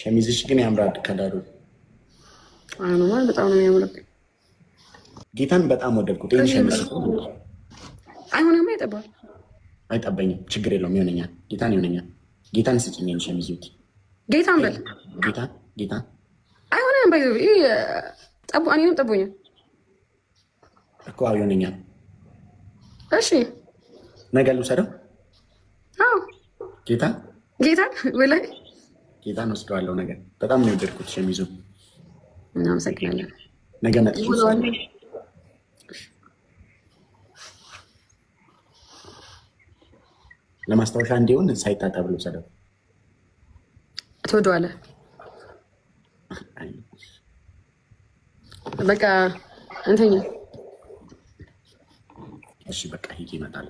ሸሚዝሽ ግን ያምራል። ከዳሩ አኑማል በጣም ነው የሚያምረው። ጌታን በጣም ወደድኩት። ይህን ሸሚዝ አይሆንም፣ አይጠባል፣ አይጠበኝም። ችግር የለውም፣ ይሆነኛል። ጌታን ይሆነኛል። ጌታን ስጭኝ ይህን ሸሚዝ ይሁት። ጌታን በል ጌታ ጌታ አይሆንም። ባይዘ ጠቡ እኔንም ጠቦኛል እኮ ይሆነኛል። እሺ ነገ ልውሰደው ጌታ ጌታ ወላይ ጌታን ወስደዋለው። ነገር በጣም ነው የወደድኩት ሸሚዙ። እናመሰግናለን። ነገ መጥቼ ለማስታወሻ እንዲሆን ሳይታጠብ ሰደው ትወደዋለ። በቃ እንተኛ። እሺ በቃ ሂጅ፣ ይመጣል